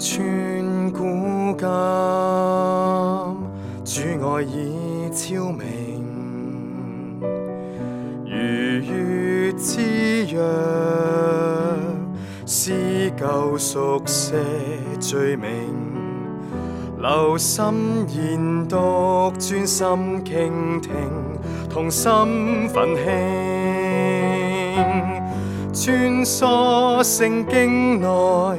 穿古今，主愛已昭明。如月之約，撕舊熟寫罪名。留心研讀，專心傾聽，同心奮興，穿梭聖經內。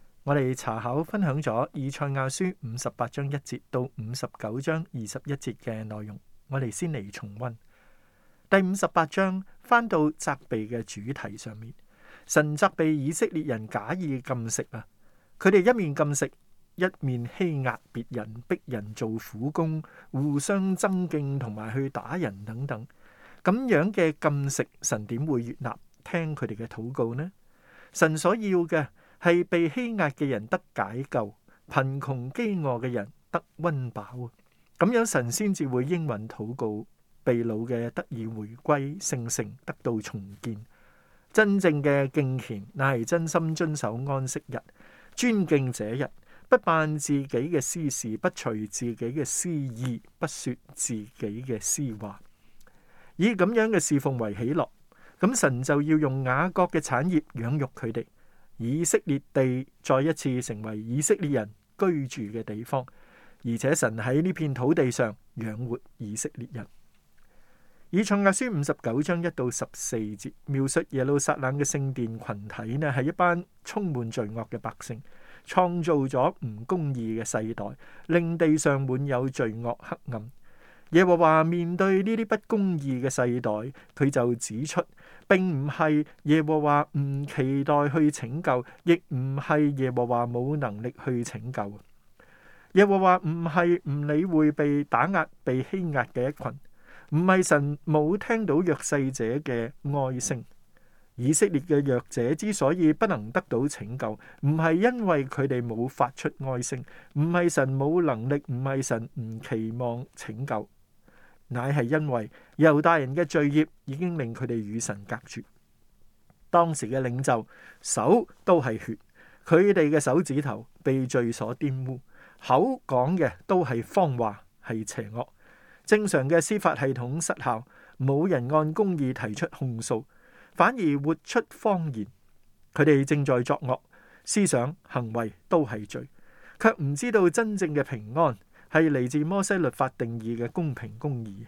我哋查考分享咗以賽亞書五十八章一節到五十九章二十一節嘅內容，我哋先嚟重溫第五十八章，翻到責備嘅主題上面，神責備以色列人假意禁食啊，佢哋一面禁食，一面欺壓別人，逼人做苦工，互相爭競，同埋去打人等等，咁樣嘅禁食，神點會悅納聽佢哋嘅禱告呢？神所要嘅。係被欺壓嘅人得解救，貧窮飢餓嘅人得溫飽啊！咁樣神先至會應允禱告，被擄嘅得以回歸聖城，得到重建。真正嘅敬虔，乃係真心遵守安息日，尊敬這日，不辦自己嘅私事，不隨自己嘅私意，不說自己嘅私話，以咁樣嘅侍奉為喜樂。咁神就要用雅各嘅產業養育佢哋。以色列地再一次成為以色列人居住嘅地方，而且神喺呢片土地上養活以色列人。以賽亞書五十九章一到十四節描述耶路撒冷嘅聖殿群體呢，係一班充滿罪惡嘅百姓，創造咗唔公義嘅世代，令地上滿有罪惡黑暗。耶和華面對呢啲不公義嘅世代，佢就指出，並唔係耶和華唔期待去拯救，亦唔係耶和華冇能力去拯救。耶和華唔係唔理會被打壓、被欺壓嘅一群，唔係神冇聽到弱勢者嘅哀聲。以色列嘅弱者之所以不能得到拯救，唔係因為佢哋冇發出哀聲，唔係神冇能力，唔係神唔期望拯救。乃係因為猶大人嘅罪孽已經令佢哋與神隔絕。當時嘅領袖手都係血，佢哋嘅手指頭被罪所玷污，口講嘅都係謊話，係邪惡。正常嘅司法系統失效，冇人按公義提出控訴，反而活出謊言。佢哋正在作惡，思想行為都係罪，卻唔知道真正嘅平安。係嚟自摩西律法定義嘅公平公義，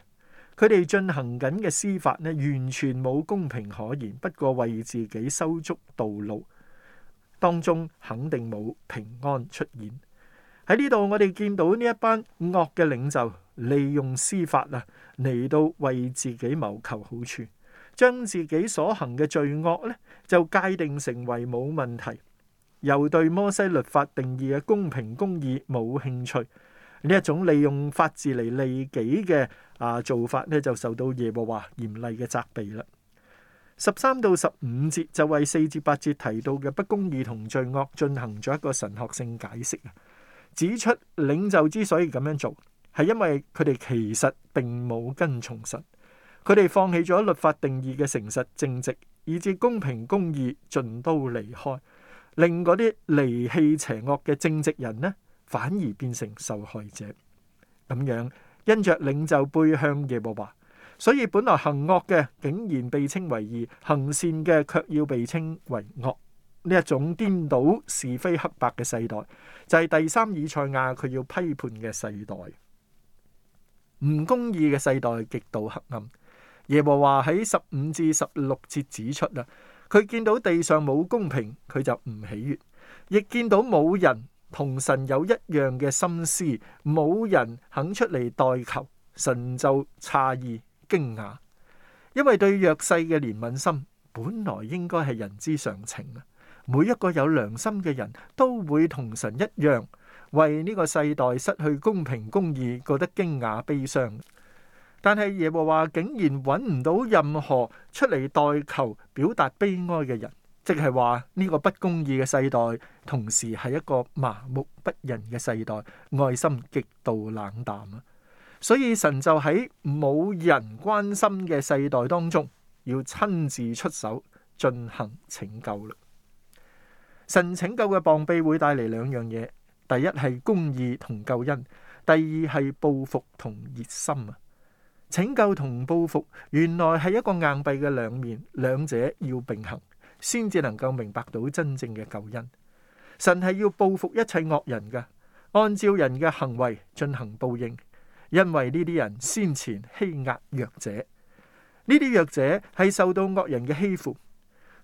佢哋進行緊嘅司法呢，完全冇公平可言。不過為自己收足道路當中，肯定冇平安出現喺呢度。我哋見到呢一班惡嘅領袖，利用司法啊嚟到為自己謀求好處，將自己所行嘅罪惡呢就界定成為冇問題，又對摩西律法定義嘅公平公義冇興趣。呢一種利用法治嚟利己嘅啊做法咧，就受到耶和華嚴厲嘅責備啦。十三到十五節就為四至八節提到嘅不公義同罪惡進行咗一個神學性解釋啊，指出領袖之所以咁樣做，係因為佢哋其實並冇跟從神，佢哋放棄咗律法定義嘅誠實正直，以致公平公義盡都離開，令嗰啲離棄邪惡嘅正直人呢，反而變成受害者，咁樣因着領袖背向耶和華，所以本來行惡嘅竟然被稱為義，行善嘅卻要被稱為惡。呢一種顛倒是非黑白嘅世代，就係、是、第三以賽亞佢要批判嘅世代。唔公義嘅世代極度黑暗。耶和華喺十五至十六節指出啦，佢見到地上冇公平，佢就唔喜悅，亦見到冇人。同神有一樣嘅心思，冇人肯出嚟代求，神就詫異驚訝，因為對弱勢嘅憐憫心本來應該係人之常情啊！每一個有良心嘅人都會同神一樣，為呢個世代失去公平公義，覺得驚訝悲傷。但係耶和華竟然搵唔到任何出嚟代求、表達悲哀嘅人。即係話呢個不公義嘅世代，同時係一個麻木不仁嘅世代，愛心極度冷淡啊！所以神就喺冇人關心嘅世代當中，要親自出手進行拯救啦。神拯救嘅膀臂會帶嚟兩樣嘢：第一係公義同救恩；第二係報復同熱心啊！拯救同報復原來係一個硬幣嘅兩面，兩者要並行。先至能夠明白到真正嘅救恩，神係要報復一切惡人嘅，按照人嘅行為進行報應，因為呢啲人先前欺壓弱者，呢啲弱者係受到惡人嘅欺負，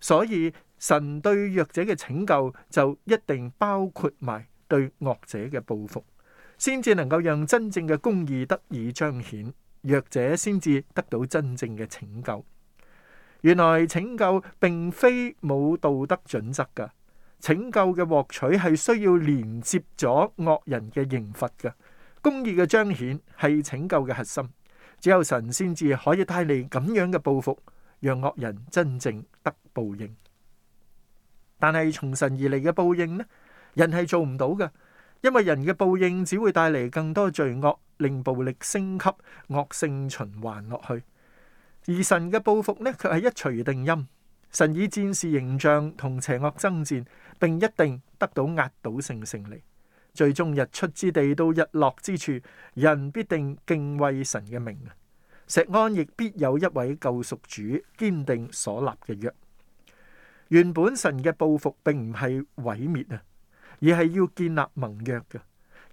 所以神對弱者嘅拯救就一定包括埋對惡者嘅報復，先至能夠讓真正嘅公義得以彰顯，弱者先至得到真正嘅拯救。原來拯救並非冇道德準則噶，拯救嘅獲取係需要連接咗惡人嘅刑罰噶，公義嘅彰顯係拯救嘅核心。只有神先至可以帶嚟咁樣嘅報復，讓惡人真正得報應。但係從神而嚟嘅報應呢？人係做唔到噶，因為人嘅報應只會帶嚟更多罪惡，令暴力升級，惡性循環落去。而神嘅報復呢，卻係一錘定音。神以戰士形象同邪惡爭戰，並一定得到壓倒性勝，勝利。最終日出之地到日落之處，人必定敬畏神嘅名啊！錫安亦必有一位救贖主，堅定所立嘅約。原本神嘅報復並唔係毀滅啊，而係要建立盟約噶，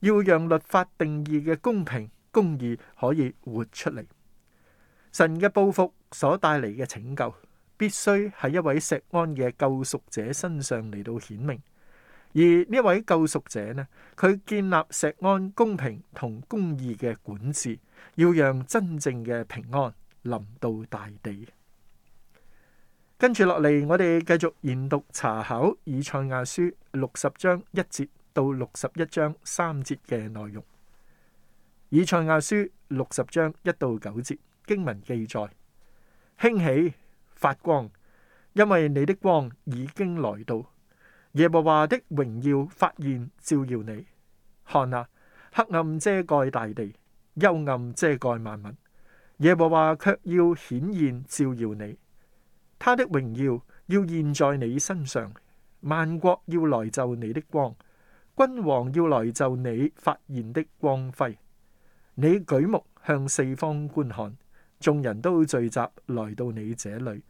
要讓律法定義嘅公平公義可以活出嚟。神嘅報復所帶嚟嘅拯救，必須喺一位錫安嘅救贖者身上嚟到顯明。而呢一位救贖者呢，佢建立錫安公平同公義嘅管治，要讓真正嘅平安臨到大地。跟住落嚟，我哋繼續研讀查考以賽亞書六十章一節到六十一章三節嘅內容。以賽亞書六十章一到九節。經文記載：興起發光，因為你的光已經來到。耶和華的榮耀發現照耀你。看啊，黑暗遮蓋大地，幽暗遮蓋萬民。耶和華卻要顯現照耀你，他的榮耀要現在你身上。萬國要來就你的光，君王要來就你發現的光輝。你舉目向四方觀看。眾人都聚集來到你這裏，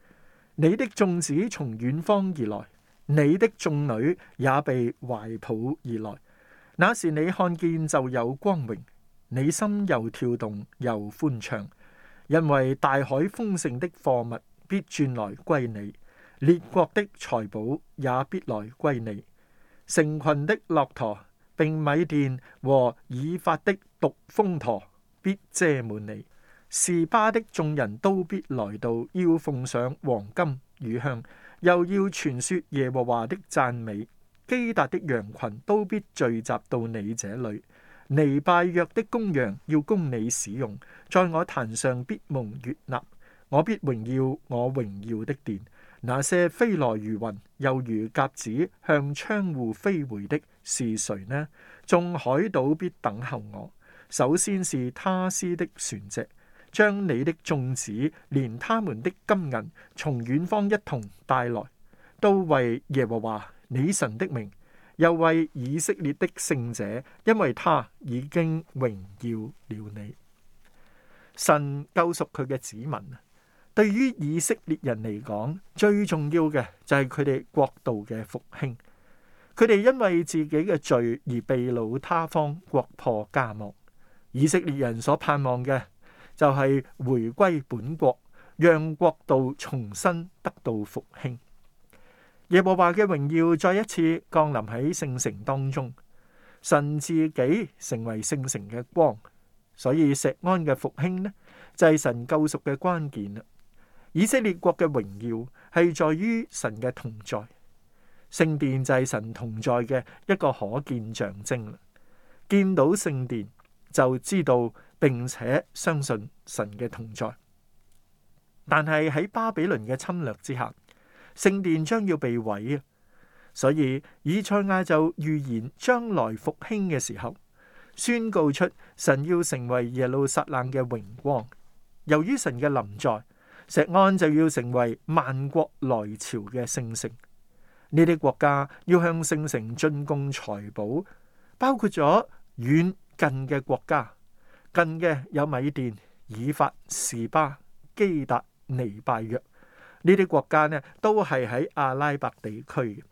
你的眾子從遠方而來，你的眾女也被懷抱而來。那時你看見就有光榮，你心又跳動又寬暢，因為大海豐盛的貨物必轉來歸你，列國的財寶也必來歸你，成群的駱駝、並米甸和以法的獨峰駝必遮滿你。示巴的眾人都必來到，要奉上黃金乳香，又要傳說耶和華的讚美。基達的羊群都必聚集到你這裏，尼拜約的公羊要供你使用，在我壇上必蒙悅納。我必榮耀我榮耀的殿。那些飛來如雲又如鴿子向窗戶飛回的是誰呢？眾海島必等候我，首先是他施的船隻。將你的眾子連他們的金銀從遠方一同帶來，都為耶和華你神的名，又為以色列的聖者，因為他已經榮耀了你。神救贖佢嘅子民啊！對於以色列人嚟講，最重要嘅就係佢哋國度嘅復興。佢哋因為自己嘅罪而被擄他方，國破家亡。以色列人所盼望嘅。就係回歸本國，讓國度重新得到復興。耶和華嘅榮耀再一次降臨喺聖城當中，神自己成為聖城嘅光，所以錫安嘅復興呢，就係神救贖嘅關鍵啦。以色列國嘅榮耀係在於神嘅同在，聖殿就係神同在嘅一個可見象徵啦。見到聖殿。就知道並且相信神嘅同在，但係喺巴比倫嘅侵略之下，聖殿將要被毀，所以以賽亞就預言將來復興嘅時候，宣告出神要成為耶路撒冷嘅榮光。由於神嘅臨在，錫安就要成為萬國來朝嘅聖城。呢啲國家要向聖城進貢財寶，包括咗遠。近嘅國家，近嘅有米甸、以法、士巴、基達、尼拜約，呢啲國家呢都係喺阿拉伯地區。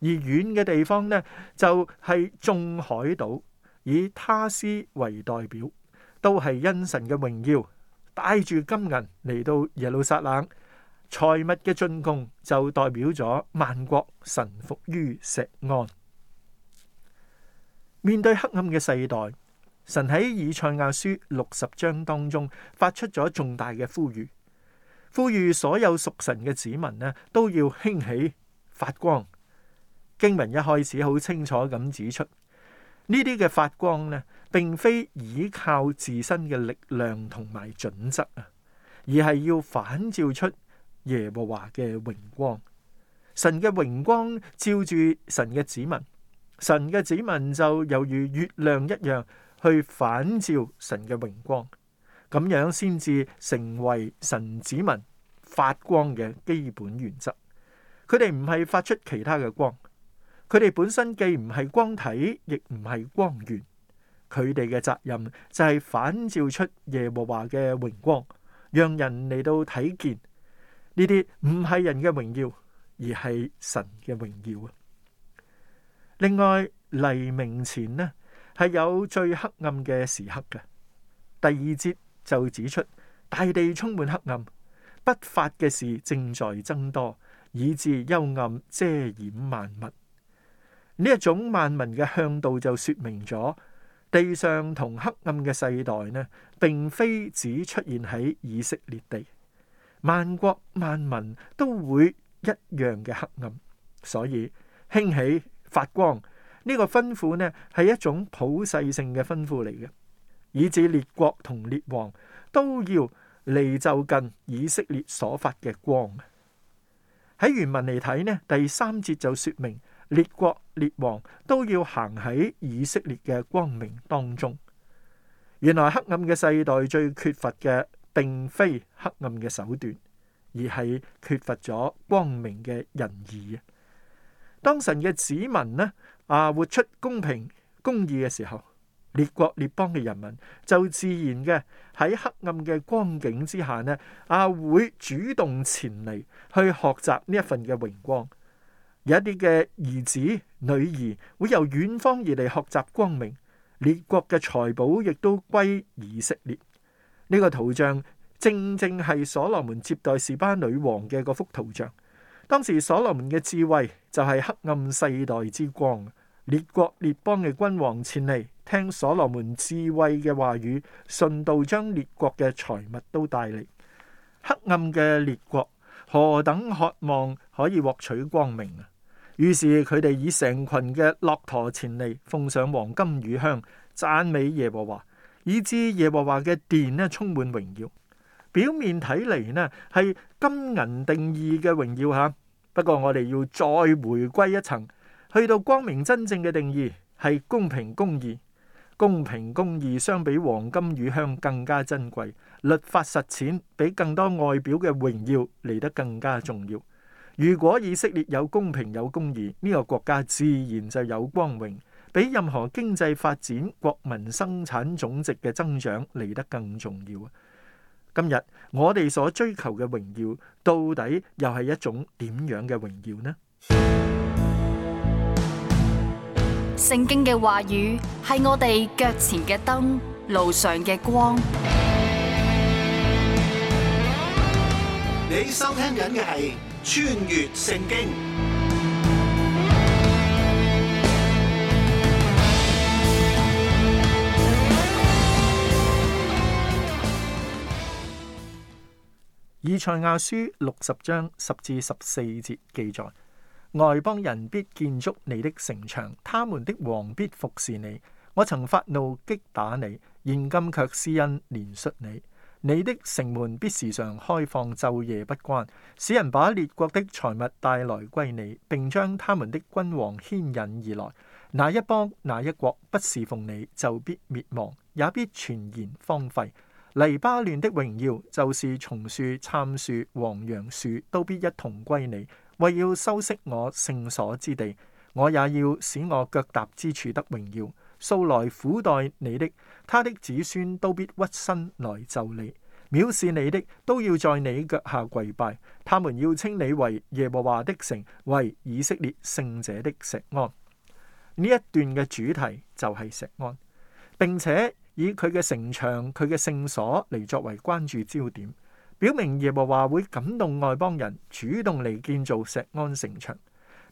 而遠嘅地方呢就係眾海島，以他斯為代表，都係因神嘅榮耀帶住金銀嚟到耶路撒冷，財物嘅進貢就代表咗萬國臣服於錫安。面對黑暗嘅世代。神喺以賽亞書六十章當中發出咗重大嘅呼籲，呼籲所有屬神嘅子民呢都要興起發光。經文一開始好清楚咁指出呢啲嘅發光呢，並非依靠自身嘅力量同埋準則啊，而係要反照出耶和華嘅榮光。神嘅榮光照住神嘅子民，神嘅子民就猶如月亮一樣。去反照神嘅榮光，咁樣先至成為神子民發光嘅基本原則。佢哋唔係發出其他嘅光，佢哋本身既唔係光體，亦唔係光源。佢哋嘅責任就係反照出耶和華嘅榮光，讓人嚟到睇見，呢啲唔係人嘅榮耀，而係神嘅榮耀啊！另外，黎明前呢？係有最黑暗嘅時刻嘅。第二節就指出，大地充滿黑暗，不法嘅事正在增多，以至幽暗遮掩萬物。呢一種萬民嘅向導就説明咗，地上同黑暗嘅世代呢，並非只出現喺以色列地，萬國萬民都會一樣嘅黑暗。所以興起發光。呢個吩咐呢，係一種普世性嘅吩咐嚟嘅，以至列國同列王，都要嚟就近以色列所發嘅光。喺原文嚟睇呢，第三節就說明，列國列王都要行喺以色列嘅光明當中。原來黑暗嘅世代最缺乏嘅，並非黑暗嘅手段，而係缺乏咗光明嘅仁義。當神嘅子民呢，啊！活出公平公義嘅時候，列國列邦嘅人民就自然嘅喺黑暗嘅光景之下呢，啊會主動前嚟去學習呢一份嘅榮光。有一啲嘅兒子女兒會由遠方而嚟學習光明。列國嘅財寶亦都歸以色列。呢個圖像正正係所羅門接待示巴女王嘅嗰幅圖像。當時所羅門嘅智慧就係黑暗世代之光。列國列邦嘅君王前嚟聽所羅門智慧嘅話語，順道將列國嘅財物都帶嚟。黑暗嘅列國何等渴望可以獲取光明啊！於是佢哋以成群嘅駱駝前嚟，奉上黃金乳香，讚美耶和華，以致耶和華嘅殿呢充滿榮耀。表面睇嚟，呢係金銀定義嘅榮耀吓，不過我哋要再回歸一層。去到光明真正嘅定義係公平公義，公平公義相比黃金乳香更加珍貴，律法實踐比更多外表嘅榮耀嚟得更加重要。如果以色列有公平有公義，呢個國家自然就有光榮，比任何經濟發展國民生產總值嘅增長嚟得更重要啊！今日我哋所追求嘅榮耀到底又係一種點樣嘅榮耀呢？聖經嘅話語係我哋腳前嘅燈，路上嘅光。你收聽緊嘅係《穿越聖經》。以賽亞書六十章十至十四節記載。外邦人必建築你的城牆，他們的王，必服侍你。我曾發怒擊打你，現今卻施恩憐恤你。你的城門必時常開放，晝夜不關，使人把列國的財物帶來歸你，並將他們的君王牽引而來。那一邦那一國不侍奉你，就必滅亡，也必全然荒廢。黎巴嫩的榮耀，就是松樹、杉樹、黃楊樹，都必一同歸你。為要修飾我聖所之地，我也要使我腳踏之處得榮耀。素來苦待你的，他的子孫都必屈身來就你；藐視你的，都要在你腳下跪拜。他們要稱你為耶和華的城，為以色列聖者的錫安。呢一段嘅主題就係錫安，並且以佢嘅城牆、佢嘅聖所嚟作為關注焦點。表明耶和華會感動外邦人主動嚟建造石安城牆，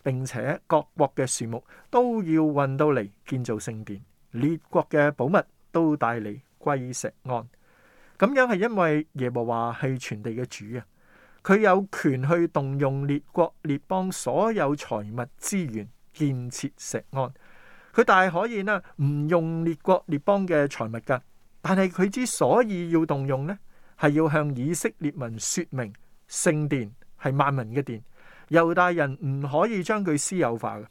並且各國嘅樹木都要運到嚟建造聖殿，列國嘅寶物都帶嚟歸石安。咁樣係因為耶和華係全地嘅主啊，佢有權去動用列國列邦所有財物資源建設石安。佢大可以呢唔用列國列邦嘅財物噶，但係佢之所以要動用呢？係要向以色列民說明，聖殿係萬民嘅殿，猶大人唔可以將佢私有化嘅，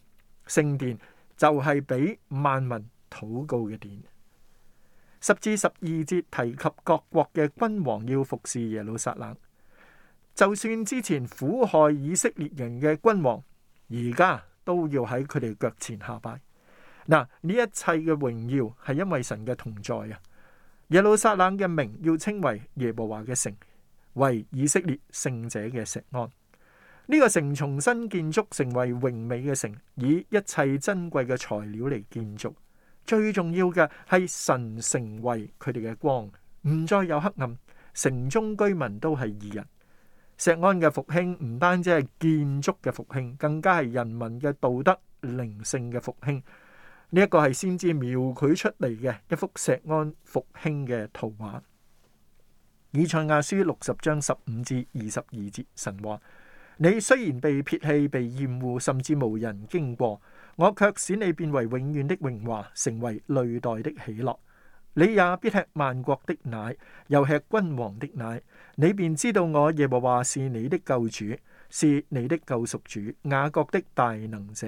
聖殿就係俾萬民禱告嘅殿。十至十二節提及各國嘅君王要服侍耶路撒冷，就算之前苦害以色列人嘅君王，而家都要喺佢哋腳前下拜。嗱，呢一切嘅榮耀係因為神嘅同在啊！耶路撒冷嘅名要稱為耶和華嘅城，為以色列聖者嘅石安。呢、這個城重新建築，成為榮美嘅城，以一切珍貴嘅材料嚟建築。最重要嘅係神成為佢哋嘅光，唔再有黑暗。城中居民都係義人。石安嘅復興唔單止係建築嘅復興，更加係人民嘅道德靈性嘅復興。呢一個係先知描繪出嚟嘅一幅錫安復興嘅圖畫。以賽亞書六十章十五至二十二節神話：你雖然被撇棄、被厭惡，甚至無人經過，我卻使你變為永遠的榮華，成為累代的喜樂。你也必吃萬國的奶，又吃君王的奶，你便知道我耶和華是你的救主，是你的救贖主，雅各的大能者。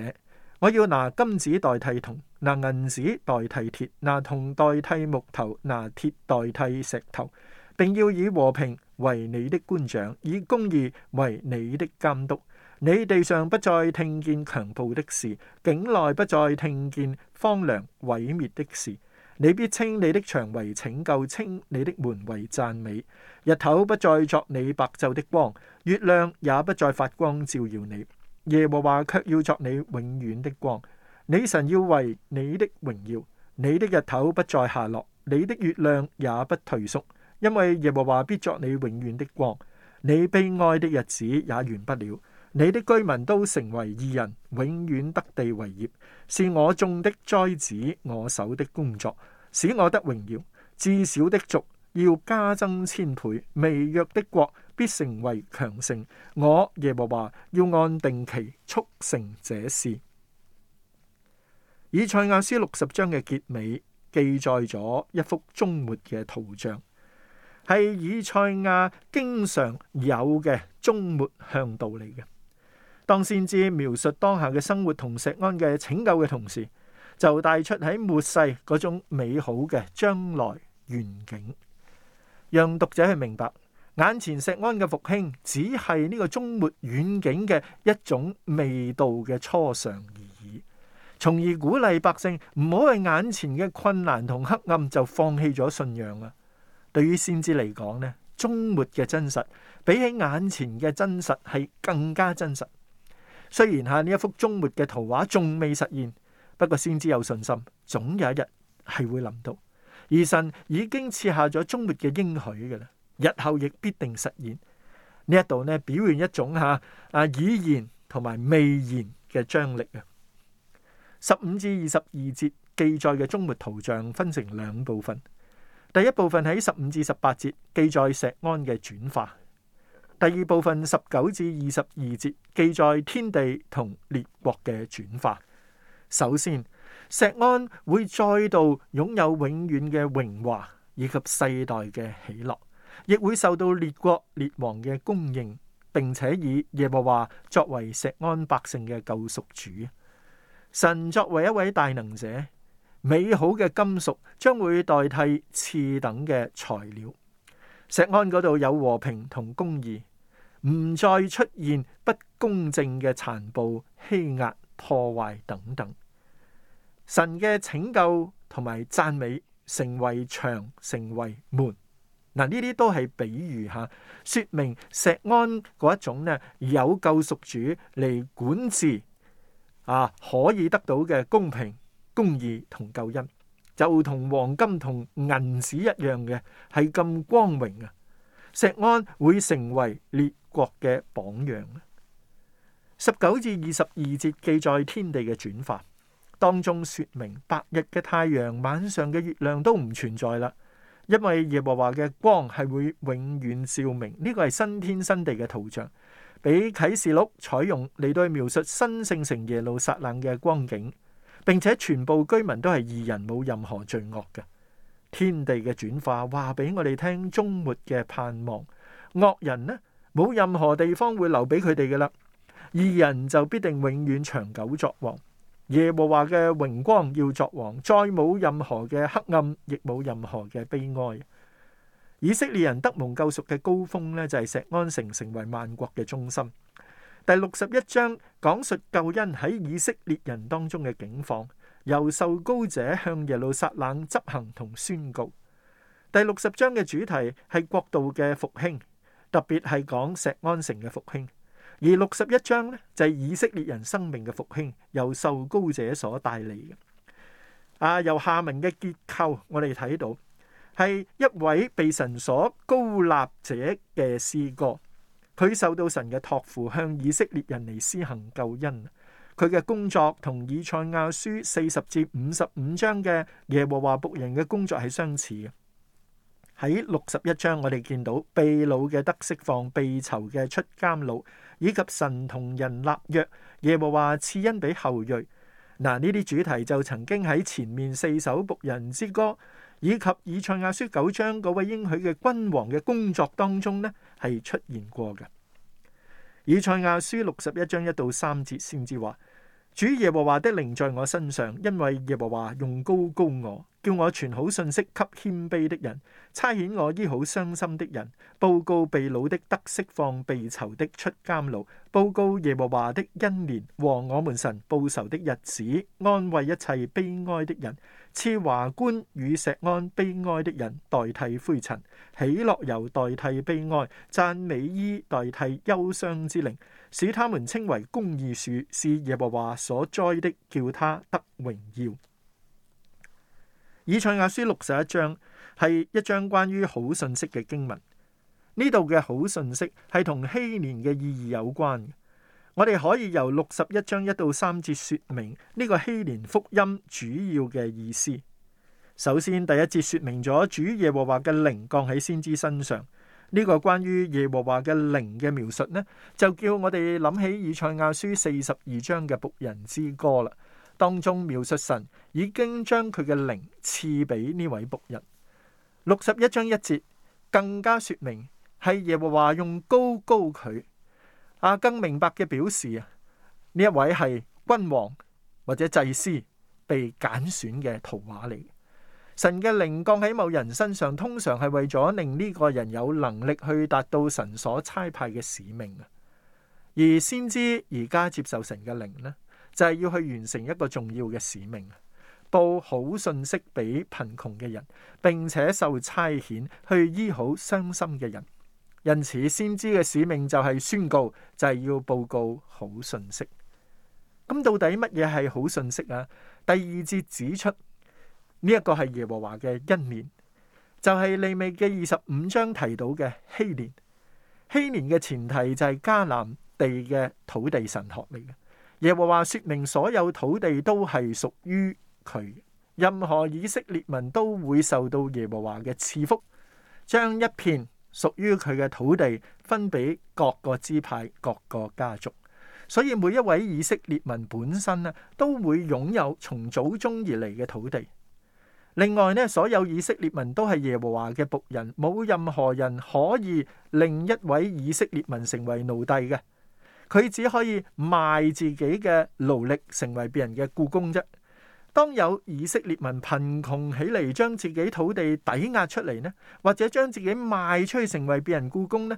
我要拿金子代替銅，拿銀子代替鐵，拿銅代替木頭，拿鐵代替石頭，並要以和平為你的官長，以公義為你的監督。你地上不再聽見強暴的事，境內不再聽見荒涼毀滅的事。你必稱你的牆為拯救，稱你的門為讚美。日頭不再作你白晝的光，月亮也不再發光照耀你。耶和華卻要作你永遠的光，你神要為你的榮耀，你的日頭不再下落，你的月亮也不退縮，因為耶和華必作你永遠的光，你悲哀的日子也完不了，你的居民都成為義人，永遠得地為業，是我種的栽子，我手的工作，使我得榮耀，至小的族要加增千倍，微弱的國。必成為強盛，我耶和華要按定期促成這事。以賽亞書六十章嘅結尾記載咗一幅終末嘅圖像，係以賽亞經常有嘅終末向導嚟嘅。當先知描述當下嘅生活同錫安嘅拯救嘅同時，就帶出喺末世嗰種美好嘅將來願景，讓讀者去明白。眼前錫安嘅復興只係呢個終末遠景嘅一種味道嘅初嘗，而已從而鼓勵百姓唔好為眼前嘅困難同黑暗就放棄咗信仰啊。對於先知嚟講呢，終末嘅真實比起眼前嘅真實係更加真實。雖然吓呢一幅終末嘅圖畫仲未實現，不過先知有信心，總有一日係會臨到，而神已經設下咗終末嘅應許嘅啦。日後亦必定實現呢一度咧，表現一種吓啊已然同埋未然嘅張力啊。十五至二十二節記載嘅中末圖像分成兩部分，第一部分喺十五至十八節記載石安嘅轉化，第二部分十九至二十二節記載天地同列國嘅轉化。首先，石安會再度擁有永遠嘅榮華以及世代嘅喜樂。亦會受到列國列王嘅供應，並且以耶和華作為錫安百姓嘅救贖主。神作為一位大能者，美好嘅金屬將會代替次等嘅材料。錫安嗰度有和平同公義，唔再出現不公正嘅殘暴、欺壓、破壞等等。神嘅拯救同埋讚美成為牆，成為門。嗱，呢啲都係比喻嚇，説明錫安嗰一種咧，有救贖主嚟管治啊，可以得到嘅公平公義同救恩，就同黃金同銀紙一樣嘅，係咁光榮啊！錫安會成為列國嘅榜樣。十九至二十二節記載天地嘅轉化，當中説明白日嘅太陽、晚上嘅月亮都唔存在啦。因為耶和華嘅光係會永遠照明，呢、這個係新天新地嘅圖像。俾啟示錄採用，嚟都係描述新聖城耶路撒冷嘅光景，並且全部居民都係義人，冇任何罪惡嘅。天地嘅轉化，話俾我哋聽終末嘅盼望。惡人呢，冇任何地方會留俾佢哋嘅啦，義人就必定永遠長久作王。耶和華嘅榮光要作王，再冇任何嘅黑暗，亦冇任何嘅悲哀。以色列人得蒙救贖嘅高峰呢，就係錫安城成為萬國嘅中心。第六十一章講述救恩喺以色列人當中嘅境況，由受膏者向耶路撒冷執行同宣告。第六十章嘅主題係國度嘅復興，特別係講錫安城嘅復興。而六十一章呢，就係、是、以色列人生命嘅復興，由受高者所帶嚟嘅。啊，由下文嘅結構，我哋睇到係一位被神所高立者嘅詩歌。佢受到神嘅託付，向以色列人嚟施行救恩。佢嘅工作同以賽亞書四十至五十五章嘅耶和華僕人嘅工作係相似嘅。喺六十一章我，我哋見到被擄嘅得釋放，被囚嘅出監牢。以及神同人立約，耶和華賜恩俾後裔。嗱，呢啲主題就曾經喺前面四首僕人之歌，以及以賽亞書九章嗰位應許嘅君王嘅工作當中呢係出現過嘅。以賽亞書六十一章一到三節先至話。主耶和華的靈在我身上，因為耶和華用膏膏我，叫我傳好信息給謙卑的人，差遣我醫好傷心的人，報告被擄的得釋放，被囚的出監牢，報告耶和華的恩年和我們神報仇的日子，安慰一切悲哀的人，賜華冠與錫安悲哀的人代替灰塵，喜樂油代替悲哀，讚美衣代替憂傷之靈。使他們稱為公義樹，是耶和華所栽的，叫他得榮耀。以賽亞書六十一章係一章關於好信息嘅經文，呢度嘅好信息係同禧年嘅意義有關。我哋可以由六十一章一到三節說明呢個禧年福音主要嘅意思。首先，第一節說明咗主耶和華嘅靈降喺先知身上。呢個關於耶和華嘅靈嘅描述呢，就叫我哋諗起以賽亞書四十二章嘅僕人之歌啦，當中描述神已經將佢嘅靈賜俾呢位僕人。六十一章一節更加說明係耶和華用膏膏佢阿，更明白嘅表示啊，呢一位係君王或者祭司被揀選嘅圖畫嚟。神嘅靈降喺某人身上，通常係為咗令呢個人有能力去達到神所差派嘅使命啊。而先知而家接受神嘅靈呢，就係要去完成一個重要嘅使命，報好信息俾貧窮嘅人，並且受差遣去醫好傷心嘅人。因此，先知嘅使命就係宣告，就係要報告好信息。咁到底乜嘢係好信息啊？第二節指出。呢一個係耶和華嘅恩年，就係利未嘅二十五章提到嘅禧年。禧年嘅前提就係迦南地嘅土地神學嚟嘅。耶和華說明所有土地都係屬於佢，任何以色列民都會受到耶和華嘅賜福，將一片屬於佢嘅土地分俾各個支派、各個家族。所以每一位以色列民本身呢、啊、都會擁有從祖宗而嚟嘅土地。另外咧，所有以色列民都係耶和華嘅僕人，冇任何人可以令一位以色列民成為奴隸嘅。佢只可以賣自己嘅勞力，成為別人嘅僱工啫。當有以色列民貧窮起嚟，將自己土地抵押出嚟呢，或者將自己賣出去成為別人僱工呢，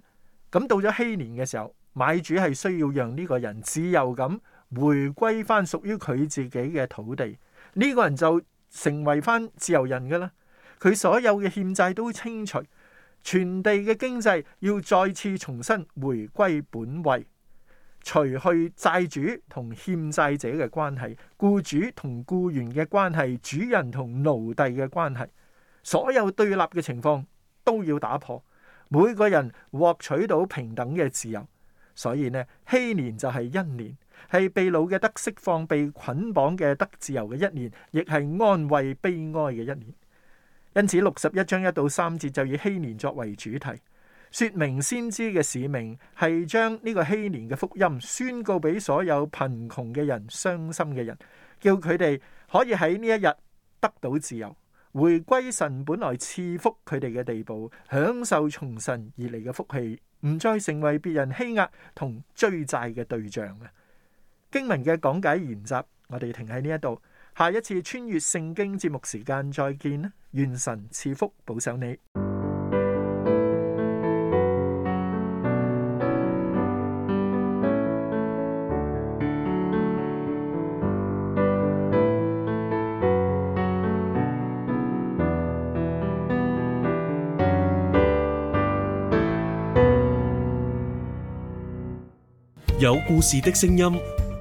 咁到咗禧年嘅時候，買主係需要讓呢個人自由咁回歸翻屬於佢自己嘅土地。呢、這個人就。.成為翻自由人嘅啦，佢所有嘅欠債都清除，全地嘅經濟要再次重新回歸本位，除去債主同欠債者嘅關係，雇主同僱員嘅關係，主人同奴隸嘅關係，所有對立嘅情況都要打破，每個人獲取到平等嘅自由，所以呢，禧年就係恩年。係被擄嘅得釋放，被捆綁嘅得自由嘅一年，亦係安慰悲哀嘅一年。因此，六十一章一到三節就以希年作為主題，說明先知嘅使命係將呢個希年嘅福音宣告俾所有貧窮嘅人、傷心嘅人，叫佢哋可以喺呢一日得到自由，回歸神本來賜福佢哋嘅地步，享受從神而嚟嘅福氣，唔再成為別人欺壓同追債嘅對象。經文嘅講解研習，我哋停喺呢一度。下一次穿越聖經節目時間再見啦！願神賜福保守你。有故事的聲音。